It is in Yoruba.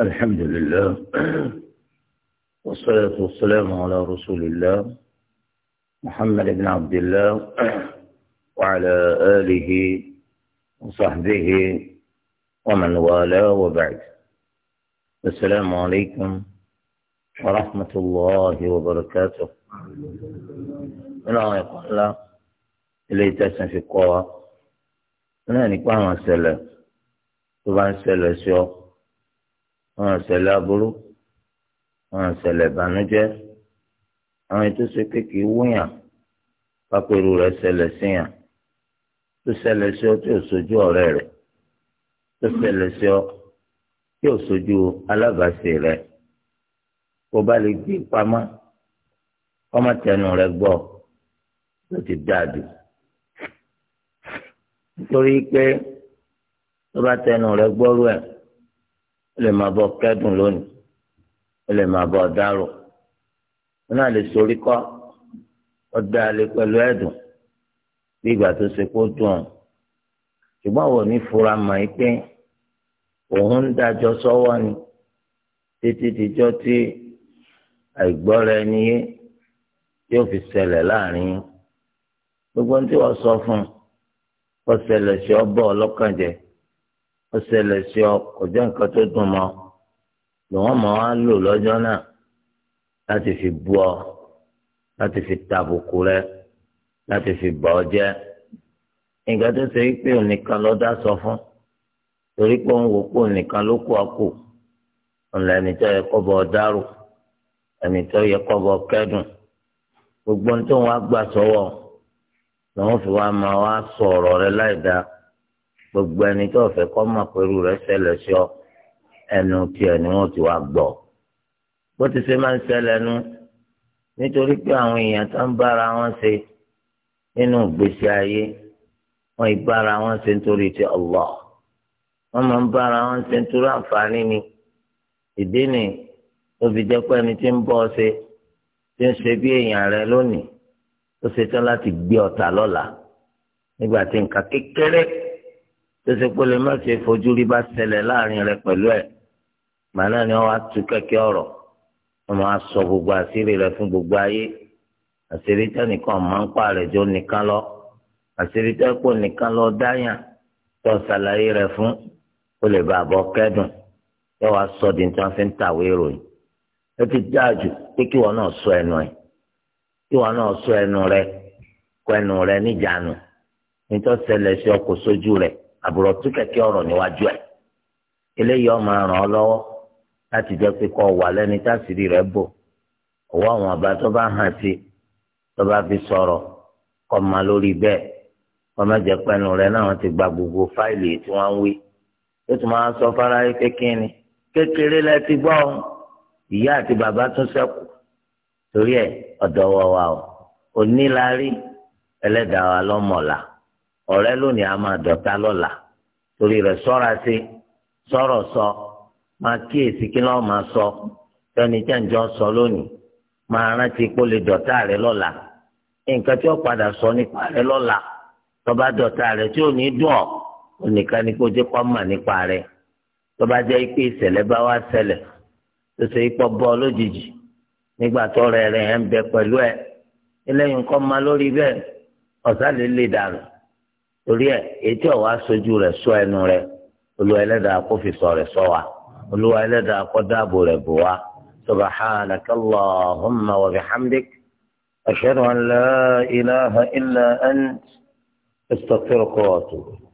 الحمد لله والصلاة والسلام على رسول الله محمد بن عبد الله وعلى آله وصحبه ومن والاه وبعد السلام عليكم ورحمة الله وبركاته من الله يقول الله إليه تسن في القوى من أن يقوى ما سلم طبعا àwọn ìṣẹ̀lẹ̀ aburú àwọn ìṣẹ̀lẹ̀ ìbànújẹ́ àwọn ètò ṣe kékeré wúyàn pápẹ́rù rẹ̀ ṣẹlẹ̀ síyàn tó ṣẹlẹ̀ sí ọ tí ò sojú ọ̀rẹ́ rẹ̀ tó ṣẹlẹ̀ sí ọ tí ò sojú alábàáṣe rẹ̀ kó bá lè gbé pamọ́ ọmọ tẹnu rẹ̀ gbọ́ ló ti dáàdù nítorí pé tó bá tẹnu rẹ̀ gbọ́rú ẹ̀ lè máa bọ kẹ́dùn lónìí ó lè máa bọ dárò ó náà lè sorí kọ́ ó dá a lè pẹ̀lú ẹ̀dùn bí ìgbà tó ṣe kó dùn ọ́n ṣùgbọ́n àwọn òní fura mọ̀ ẹ́ pé òun ń dájọ́ sọ́wọ́ ni títí dijọ́ tí àìgbọ́ra ẹni yé yóò fi ṣẹlẹ̀ láàrin yín gbogbo ohun tí wọ́n sọ fún un kó ṣẹlẹ̀ sí ọ bọ́ ọlọ́kànjẹ́ ó ṣẹlẹ̀ sí ọ kò jẹ́ nǹkan tó dùn mọ́ lòun mọ̀ á lò lọ́jọ́ náà láti fi bú ọ láti fi tàbùkù rẹ láti fi bà ọ jẹ́ nǹkan tó ṣe pé òun nìkan ló dá sọ fún torí pé òun wò pé òun ló kó ọ kù òun tó yẹ kọ́ dárò ẹni tó yẹ kọ́ kẹ́dùn gbogbo ohun tó ń gbà sọ́wọ́ lòun fi wá máa wá sọ ọ̀rọ̀ rẹ láì dáa gbogbo ẹni tó fẹ́ kọ́ mọ̀ pẹ̀lú rẹ̀ ṣẹlẹ̀ sí ọ ẹnu tiẹ̀ ni wọ́n ti wá gbọ́ bó ti ṣe máa ń ṣẹlẹ̀ nu nítorí pé àwọn èèyàn tó ń bára wọn ṣe nínú ìgbésí ayé wọn ìbára wọn ṣe nítorí ti Allah wọn máa ń bára wọn ṣe nítorí àǹfààní ni ìdí ni òbí jẹ́ pé ẹni tí ń bọ́ ṣe tí ń ṣe bí èèyàn rẹ lónìí ó ṣetán láti gbé ọ̀tá lọ́la nígbà tí nǹkan kékeré tẹsẹ pé lè má ṣe fojú rí bá ṣẹlẹ̀ láàrin rẹ pẹ̀lú ẹ màánà ni wọn wá tu kẹ́kẹ́ ọ̀rọ̀ wọn máa sọ gbogbo àṣírí rẹ fún gbogbo ayé àṣírí tẹnìkan máa ń pa rẹ jọ nìkan lọ àṣírí tẹpọ nìkan lọ dáyà tó ṣàlàyé rẹ fún ó lè bá àbọ kẹ́dùn yẹ wàá sọ di tí wọn fi ń tàwé ìròyìn ẹ ti dáàjù pé kí wọn náà sọ ẹnu ẹ kí wọn náà sọ ẹnu rẹ kọ ẹnu rẹ níjànú nítorí ṣẹlẹ̀ sí ọkọ sójú rẹ àbùrọ̀ tú kẹ̀kẹ́ ọ̀rọ̀ níwájú ẹ̀ eléyìí ọmọ ràn ọ́ lọ́wọ́ láti jẹ́ pé kọ́ wà lẹ́ni táṣìírí rẹ̀ bò ọwọ́ àwọn àbá tó bá hàn sí tó bá fi sọ̀rọ̀ kọ́ ma lórí bẹ́ẹ̀ kọ́ má jẹ́ pẹ́nu rẹ̀ náà ti gba gbogbo fáìlì tí wọ́n ń wí ó tún máa ń sọ fáráyé kékeré ni kékeré lẹ ti gbọ́ ọ ìyá àti bàbá tún sẹ́kù torí ẹ̀ ọ̀dọ́ wọ wa o oníláárí ẹlẹ́dàá wa lọ́mọ̀ọ́lá. ọ̀rẹ́ lónìí a máa dọ̀tá lọ́la torí rẹ̀ sọ́ra sí sọ máa kíyèsí kí lọ́ọ́ máa sọ fẹ́ni tí sọ lónìí máa rántí kó lè dọ̀tá rẹ̀ lọ́la nǹkan tí ó padà sọ nípa rẹ̀ lọ́la tọba rẹ̀ tí ò ní dùn ọ́ ni kó jẹ́ kó mà nípa rẹ̀ jẹ́ pé ìṣẹ̀lẹ̀ bá wá ṣẹlẹ̀ tó ṣe ipò bọ́ lójijì nígbà tó rẹ̀ rẹ̀ ń bẹ pẹ̀lú ẹ̀ torí ẹ ètí ọwọ aṣojú rẹ sọ ẹnu rẹ olúwa ẹlẹ́dàá kó fi sọ rẹ sọ wa olúwa ẹlẹ́dàá kó dáàbò rẹ bò wá subhanaka allahumma wa bihamdik ashhadu an la ilaha illa ant astaghfiruka wa atubu.